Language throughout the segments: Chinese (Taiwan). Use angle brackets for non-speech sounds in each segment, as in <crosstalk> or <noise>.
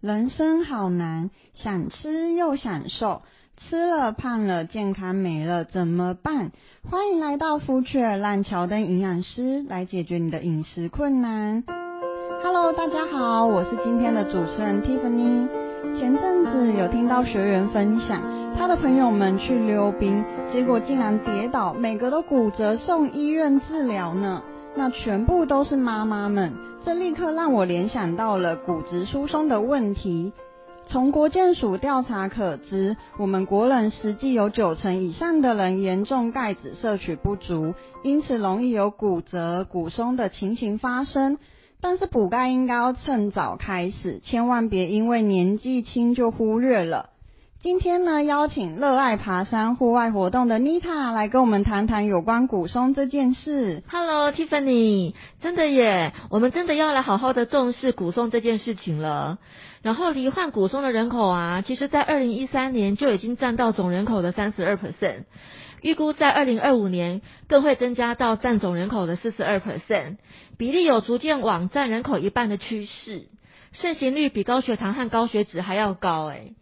人生好難，想吃又想瘦，吃了胖了，健康沒了，怎麼辦？歡迎來到福雀爾，讓喬登營養師來解決你的飲食困難。Hello，大家好，我是今天的主持人 Tiffany。前陣子有聽到學員分享，他的朋友們去溜冰，結果竟然跌倒，每個都骨折，送醫院治療呢。那全部都是媽媽們，這立刻讓我聯想到了骨質疏鬆的問題。從國健署調查可知，我們國人實際有九成以上的人嚴重鈣質攝取不足，因此容易有骨折、骨鬆的情形發生。但是補鈣應該要趁早開始，千萬別因為年紀輕就忽略了。今天呢，邀請熱愛爬山戶外活動的妮塔來跟我們談談有關骨鬆這件事。Hello，Tiffany，真的耶，我們真的要來好好的重視骨鬆這件事情了。然後罹患骨鬆的人口啊，其實在二零一三年就已經佔到總人口的三十二 percent，預估在二零二五年更會增加到佔總人口的四十二 percent，比例有逐漸往佔人口一半的趨勢，盛行率比高血糖和高血脂還要高哎。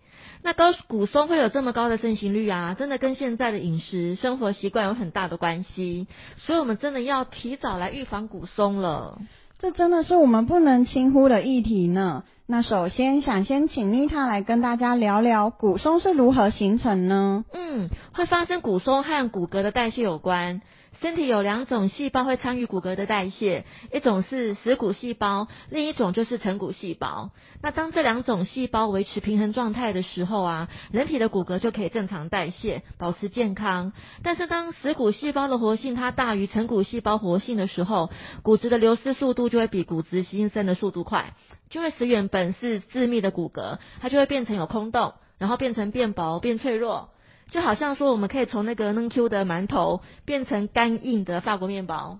那高骨鬆會有這麼高的盛行率啊，真的跟現在的飲食生活習慣有很大的關係，所以我們真的要提早來預防骨鬆了。這真的是我們不能輕忽的議題呢。那首先想先請妮塔來跟大家聊聊骨鬆是如何形成呢？嗯，會發生骨鬆和骨骼的代謝有關。身體有兩種細胞會參與骨骼的代謝，一種是蝕骨細胞，另一種就是成骨細胞。那當這兩種細胞維持平衡狀態的時候啊，人體的骨骼就可以正常代謝，保持健康。但是當蝕骨細胞的活性它大於成骨細胞活性的時候，骨質的流失速度就會比骨質新生的速度快，就會使原本是致密的骨骼，它就會變成有空洞，然後變成變薄、變脆弱。就好像說，我們可以從那個嫩 Q 的饅頭變成乾硬的法國麵包，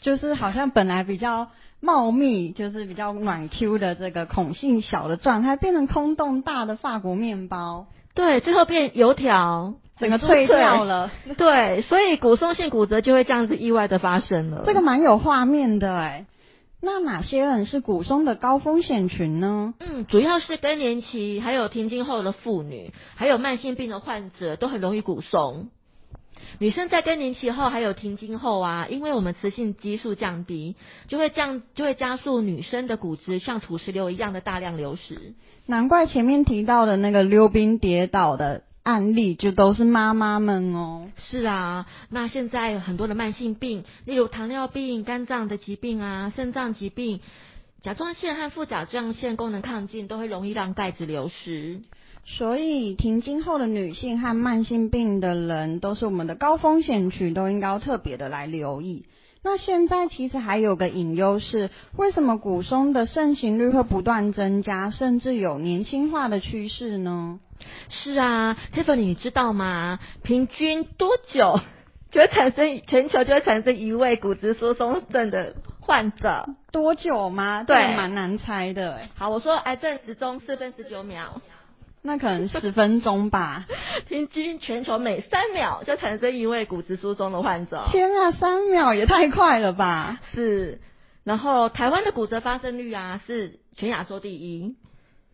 就是好像本來比較茂密，就是比較軟 Q 的這個孔性小的狀態，變成空洞大的法國麵包，對，最後變油條，整個脆掉，脆掉了。對，所以骨鬆性骨折就會這樣子意外的發生了。這個蠻有畫面的，欸，哎。那哪些人是骨鬆的高風險群呢？嗯，主要是更年期，還有停經後的婦女，還有慢性病的患者都很容易骨鬆。女生在更年期後，還有停經後啊，因為我們雌性激素降低，就會降，就會加速女生的骨質像土石流一樣的大量流失。難怪前面提到的那個溜冰跌倒的，案例就都是媽媽們哦，是啊，那現在有很多的慢性病，例如糖尿病、肝臟的疾病啊、腎臟疾病、甲狀腺和副甲狀腺功能亢進，都會容易讓鈣質流失。所以停經後的女性和慢性病的人都是我們的高風險群，都應該要特別的來留意。那現在其實還有個隱憂是，為什麼骨鬆的盛行率會不斷增加，甚至有年輕化的趨勢呢？是啊，泰凡，你知道嗎？平均多久就會產生全球就會產生一位骨質疏鬆症的患者？多久嗎？對，還蠻難猜的。好，我說癌症時鐘四分十九秒，那可能十分鐘吧。 <laughs> 平均全球每三秒就產生一位骨質疏鬆的患者。天啊，三秒也太快了吧！是，然後台灣的骨折發生率啊是全亞洲第一。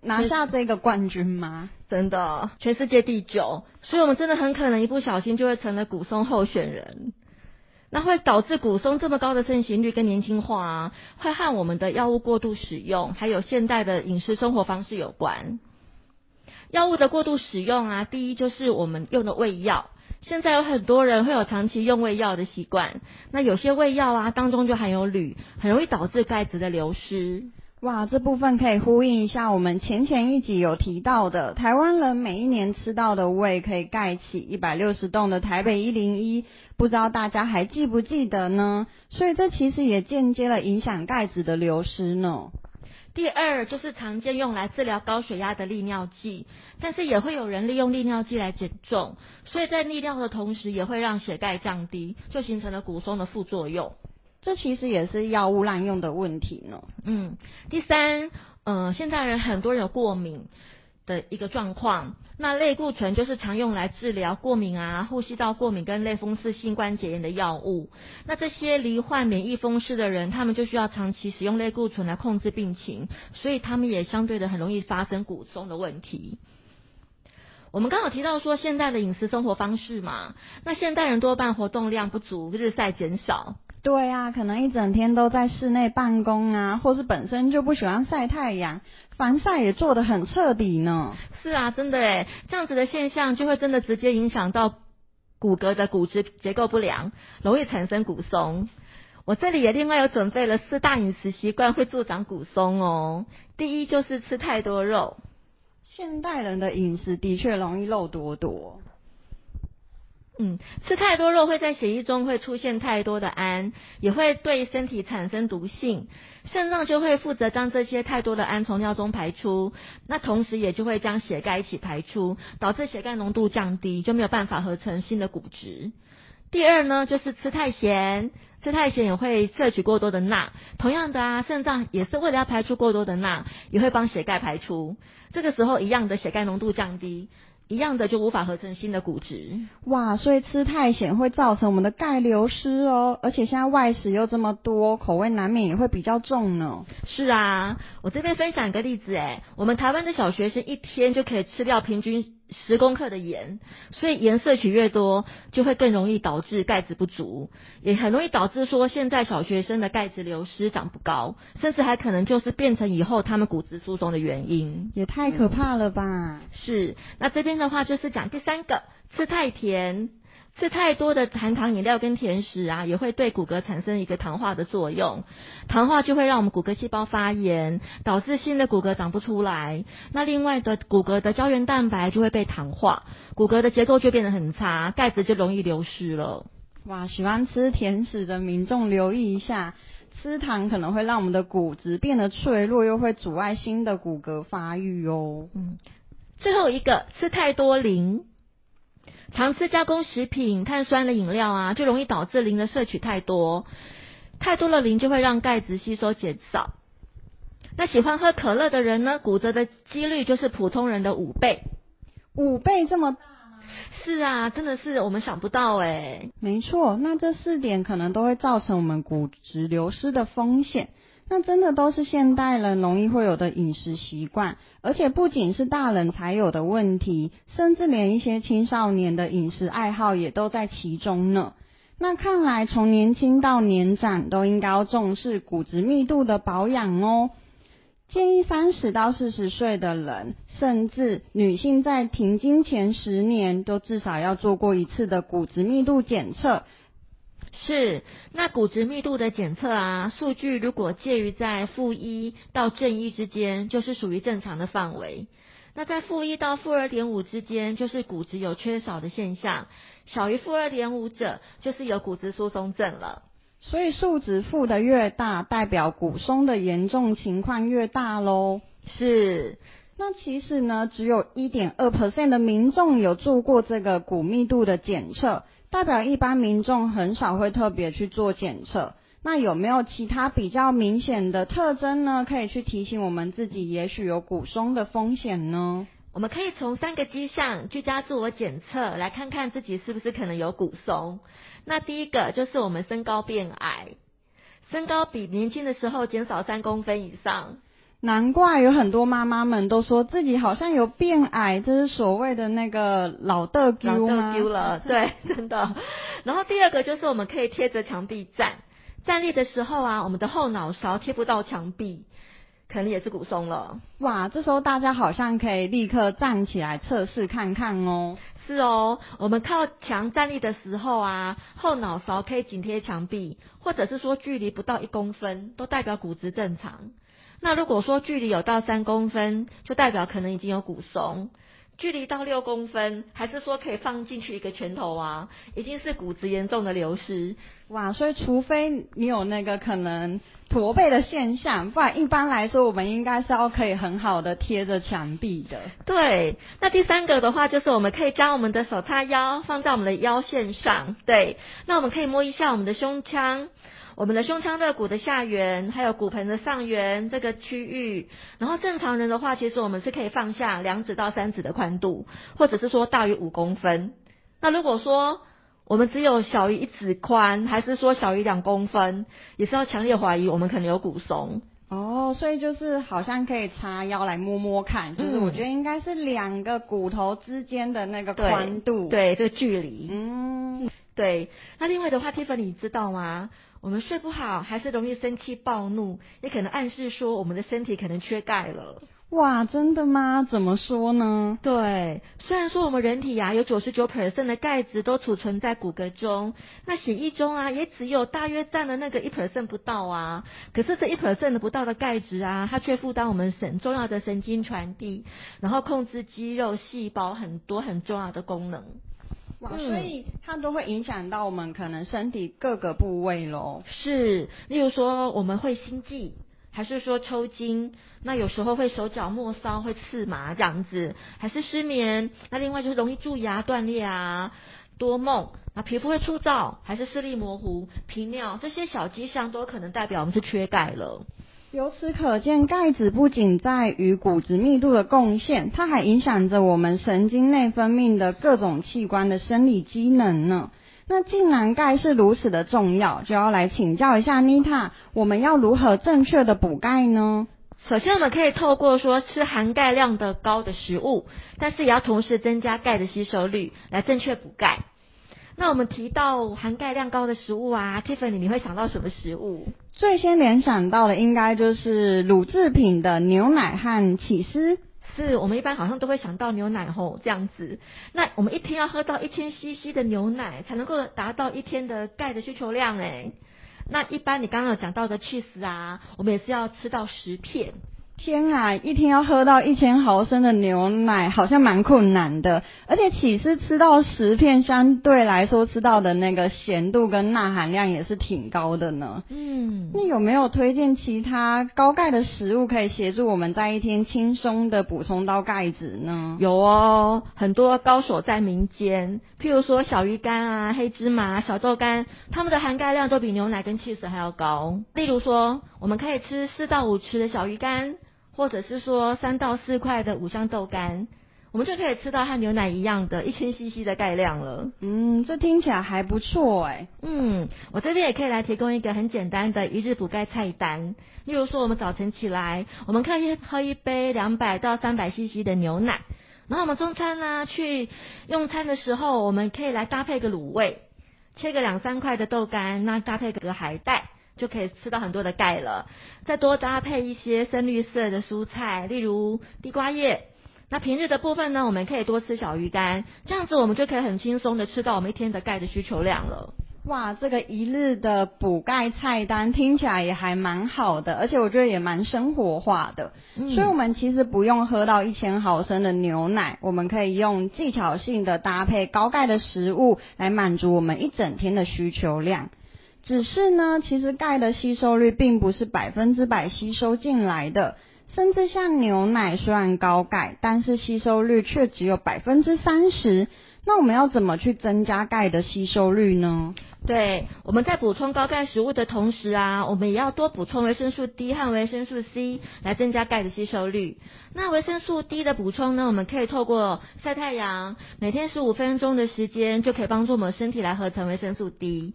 拿下這個冠軍嗎？真的，全世界第九，所以我們真的很可能一不小心就會成了骨鬆候選人。那會導致骨鬆這麼高的盛行率跟年輕化，啊，會和我們的藥物過度使用，還有現代的飲食生活方式有關。藥物的過度使用啊，第一就是我們用的胃藥，現在有很多人會有長期用胃藥的習慣，那有些胃藥啊當中就含有鋁，很容易導致鈣質的流失。哇，這部分可以呼應一下我們前前一集有提到的，台灣人每一年吃到的胃可以蓋起一百六十棟的台北一零一，不知道大家還記不記得呢？所以這其實也間接了影響鈣質的流失呢。第二就是常見用來治療高血壓的利尿劑，但是也會有人利用利尿劑來減重，所以在利尿的同時也會讓血鈣降低，就形成了骨鬆的副作用。這其實也是藥物濫用的問題呢。嗯，第三，呃，現代人很多人有過敏的一個狀況。那類固醇就是常用來治療過敏啊、呼吸道過敏跟類風濕性關節炎的藥物。那這些罹患免疫風濕的人，他們就需要長期使用類固醇來控制病情，所以他們也相對的很容易發生骨鬆的問題。我們剛好提到說，現代的飲食生活方式嘛，那現代人多半活動量不足，日曬減少。對啊，可能一整天都在室內辦公啊，或是本身就不喜歡曬太陽，防曬也做的很徹底呢。是啊，真的，哎，這樣子的現象就會真的直接影響到骨骼的骨質結構不良，容易產生骨鬆。我這裡也另外有準備了四大飲食習慣會助長骨鬆哦。第一就是吃太多肉。現代人的飲食的確容易肉多多。嗯，吃太多肉會在血液中會出現太多的氨，也會對身體產生毒性，腎臟就會負責將這些太多的氨從尿中排出，那同時也就會將血鈣一起排出，導致血鈣濃度降低，就沒有辦法合成新的骨質。第二呢，就是吃太鹹，吃太鹹也會攝取過多的鈉，同樣的啊，腎臟也是為了要排出過多的鈉，也會幫血鈣排出，這個時候一樣的血鈣濃度降低。一樣的就無法合成新的骨質。哇，所以吃太鹹會造成我們的鈣流失哦。而且現在外食又這麼多，口味難免也會比較重呢。是啊，我這邊分享一個例子，誒，我們台灣的小學生一天就可以吃掉平均。十公克的鹽，所以鹽攝取越多，就會更容易導致鈣質不足，也很容易導致說現在小學生的鈣質流失長不高，甚至還可能就是變成以後他們骨質疏鬆的原因。也太可怕了吧！嗯，是，那這邊的話就是講第三個，吃太甜。吃太多的含糖飲料跟甜食啊，也會對骨骼產生一個糖化的作用。糖化就會讓我們骨骼細胞發炎，導致新的骨骼長不出來。那另外的骨骼的膠原蛋白就會被糖化，骨骼的結構就變得很差，鈣質就容易流失了。哇，喜歡吃甜食的民眾留意一下，吃糖可能會讓我們的骨質變得脆弱，又會阻礙新的骨骼發育哦。嗯，最後一個，吃太多磷。常吃加工食品、碳酸的飲料啊，就容易導致磷的攝取太多。太多的磷就會讓鈣質吸收減少。那喜歡喝可樂的人呢，骨折的幾率就是普通人的五倍。五倍這麼大嗎？是啊，真的是我們想不到誒、欸。沒錯，那這四點可能都會造成我們骨質流失的風險。那真的都是現代人容易會有的飲食習慣，而且不僅是大人才有的問題，甚至連一些青少年的飲食愛好也都在其中呢。那看來從年輕到年長都應該要重視骨質密度的保養哦。建議三十到四十歲的人，甚至女性在停經前十年都至少要做過一次的骨質密度檢測。是，那骨質密度的檢測啊，數據如果介於在負一到正一之間，就是屬於正常的範圍。那在負一到負二點五之間，就是骨質有缺少的現象，小於負二點五者，就是有骨質疏鬆症了。所以數值負的越大，代表骨鬆的嚴重情況越大嘍。是，那其實呢，只有一點二 percent 的民眾有做過這個骨密度的檢測。代表一般民眾很少會特別去做檢測，那有沒有其他比較明顯的特徵呢？可以去提醒我們自己，也許有骨鬆的風險呢？我們可以從三個跡象居家自我檢測，來看看自己是不是可能有骨鬆。那第一個就是我們身高變矮，身高比年輕的時候減少三公分以上。難怪有很多媽媽們都說自己好像有變矮，這是所謂的那個老的 Q 嗎？老掉了，對，真的。然後第二個就是我們可以貼着牆壁站，站立的時候啊，我們的後腦勺貼不到牆壁，肯定也是骨鬆了。哇，這時候大家好像可以立刻站起來測試看看哦。是哦，我們靠牆站立的時候啊，後腦勺可以緊貼牆壁，或者是說距離不到一公分，都代表骨質正常。那如果說距離有到三公分，就代表可能已經有骨鬆；距離到六公分，還是說可以放進去一個拳頭啊，已經是骨質嚴重的流失。哇！所以除非你有那個可能駝背的現象，不然一般來說，我們應該是要可以很好的貼着牆壁的。對。那第三個的話，就是我們可以將我們的手叉腰，放在我們的腰線上。對。那我們可以摸一下我們的胸腔。我們的胸腔肋骨的下緣，還有骨盆的上緣這個區域，然後正常人的話，其實我們是可以放下兩指到三指的寬度，或者是說大於五公分。那如果說我們只有小於一指寬，還是說小於兩公分，也是要強烈懷疑我們可能有骨鬆。哦，所以就是好像可以叉腰來摸摸看，嗯，就是我覺得應該是兩個骨頭之間的那個寬度，對，對，這個距離，嗯。對，那另外的話，Tiffany 你知道嗎？我們睡不好，還是容易生氣暴怒，也可能暗示說我們的身體可能缺鈣了。哇，真的嗎？怎麼說呢？對，雖然說我們人體呀、啊，有九十九 percent 的鈣質都儲存在骨骼中，那血液中啊，也只有大約占了那個一 percent 不到啊。可是這一 percent 不到的鈣質啊，它卻負擔我們很重要的神經傳遞，然後控制肌肉細胞很多很重要的功能。哇，所以它都會影響到我們可能身體各個部位咯。嗯，是，例如說我們會心悸，還是說抽筋？那有時候會手腳末梢會刺麻這樣子，還是失眠？那另外就是容易蛀牙、斷裂啊，多夢那、啊、皮膚會粗糙，還是視力模糊、頻尿？這些小跡象都可能代表我們是缺鈣了。由此可見，鈣質不僅在於骨質密度的貢獻，它還影響着我們神經內分泌的各種器官的生理機能呢。那既然鈣是如此的重要，就要來請教一下妮塔，我們要如何正確的補鈣呢？首先，我們可以透過說吃含鈣量的高的食物，但是也要同時增加鈣的吸收率，來正確補鈣。那我們提到含鈣量高的食物啊，Tiffany，你會想到什麼食物？最先聯想到的應該就是乳制品的牛奶和起司。是，我們一般好像都會想到牛奶吼、哦、這樣子。那我們一天要喝到一千 CC 的牛奶才能夠達到一天的鈣的需求量哎。那一般你剛剛有講到的起司啊，我們也是要吃到十片。天啊，一天要喝到一千毫升的牛奶，好像蠻困難的。而且起司吃到十片，相對來說吃到的那個鹹度跟鈉含量也是挺高的呢。嗯，那有沒有推薦其他高鈣的食物可以協助我們在一天輕鬆的補充到鈣質呢？有哦，很多高手在民間，譬如說小魚乾啊、黑芝麻、啊、小豆乾，它們的含鈣量都比牛奶跟起司還要高。例如說，我們可以吃四到五匙的小魚乾。或者是說三到四塊的五香豆乾，我們就可以吃到和牛奶一樣的一千 CC 的鈣量了。嗯，這聽起來還不錯哎、欸。嗯，我這邊也可以來提供一個很簡單的一日補鈣菜單。例如說我們早晨起來，我們可以喝一杯兩百到三百 CC 的牛奶。然後我們中餐呢、啊，去用餐的時候，我們可以來搭配個滷味，切個兩三塊的豆干，那搭配個海帶。就可以吃到很多的鈣了，再多搭配一些深綠色的蔬菜，例如地瓜葉。那平日的部分呢，我們可以多吃小魚乾，這樣子我們就可以很輕鬆的吃到我們一天的鈣的需求量了。哇，這個一日的補鈣菜單聽起來也還蠻好的，而且我覺得也蠻生活化的。嗯。所以，我們其實不用喝到一千毫升的牛奶，我們可以用技巧性的搭配高鈣的食物來滿足我們一整天的需求量。只是呢，其實鈣的吸收率並不是百分之百吸收進來的，甚至像牛奶雖然高鈣，但是吸收率卻只有百分之三十。那我們要怎麼去增加鈣的吸收率呢？對，我們在補充高鈣食物的同時啊，我們也要多補充維生素 D 和維生素 C 來增加鈣的吸收率。那維生素 D 的補充呢，我們可以透過曬太陽，每天十五分鐘的時間就可以幫助我們身體來合成維生素 D。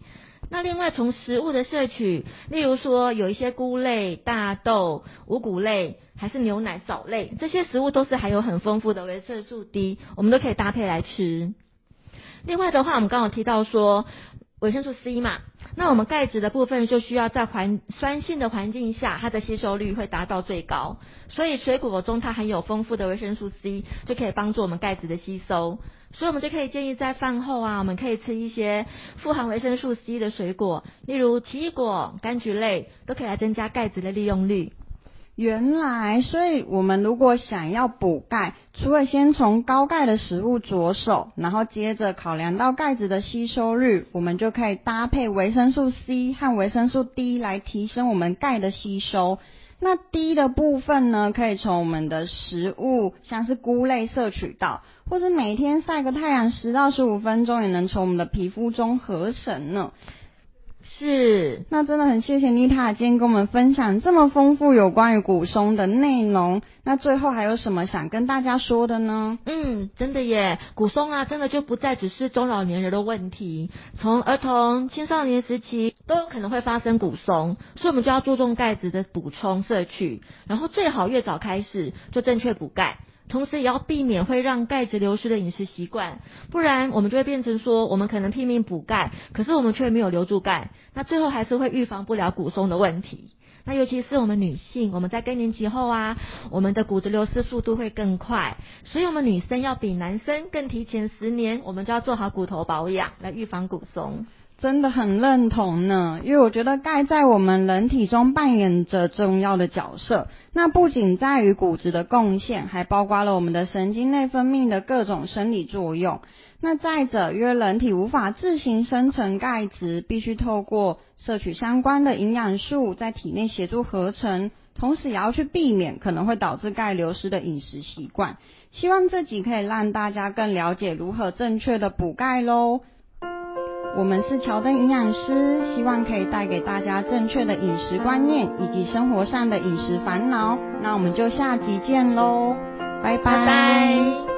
那另外從食物的攝取，例如說有一些菇類、大豆、五穀類，還是牛奶、藻類，這些食物都是含有很豐富的維生素 D，我們都可以搭配來吃。另外的話，我們剛剛有提到說維生素 C 嘛，那我們鈣質的部分就需要在環酸性的環境下，它的吸收率會達到最高。所以水果中它含有豐富的維生素 C，就可以幫助我們鈣質的吸收。所以，我們就可以建議在飯後啊，我們可以吃一些富含維生素 C 的水果，例如奇異果、柑橘類，都可以來增加鈣質的利用率。原來，所以我們如果想要補鈣，除了先從高鈣的食物着手，然後接着考量到鈣質的吸收率，我們就可以搭配維生素 C 和維生素 D 來提升我們鈣的吸收。那 D 的部分呢，可以從我們的食物，像是菇類攝取到。或是每天曬個太陽十到十五分鐘，也能從我們的皮膚中合成呢。是，那真的很謝謝妮塔今天跟我們分享這麼豐富有關於骨鬆的內容。那最後還有什麼想跟大家說的呢？嗯，真的耶，骨鬆啊，真的就不再只是中老年人的問題，從兒童青少年時期都有可能會發生骨鬆，所以我們就要注重鈣質的補充攝取，然後最好越早開始就正確補鈣，同時也要避免會讓鈣質流失的飲食習慣，不然我們就會變成說，我們可能拼命補鈣，可是我們卻沒有留住鈣，那最後還是會預防不了骨鬆的問題。那尤其是我們女性，我們在更年期後啊，我們的骨質流失速度會更快，所以我們女生要比男生更提前十年，我們就要做好骨頭保養來預防骨鬆。真的很認同呢，因為我覺得鈣在我們人體中扮演着重要的角色。那不僅在於骨質的貢獻，還包括了我們的神經內分泌的各種生理作用。那再者，因為人體無法自行生成鈣質，必須透過攝取相關的營養素，在體內協助合成，同時也要去避免可能會導致鈣流失的飲食習慣。希望這集可以讓大家更了解如何正確的補鈣嘍。我們是喬登營養師，希望可以帶給大家正確的飲食觀念以及生活上的飲食煩惱。那我們就下集見嘍，拜拜、拜拜。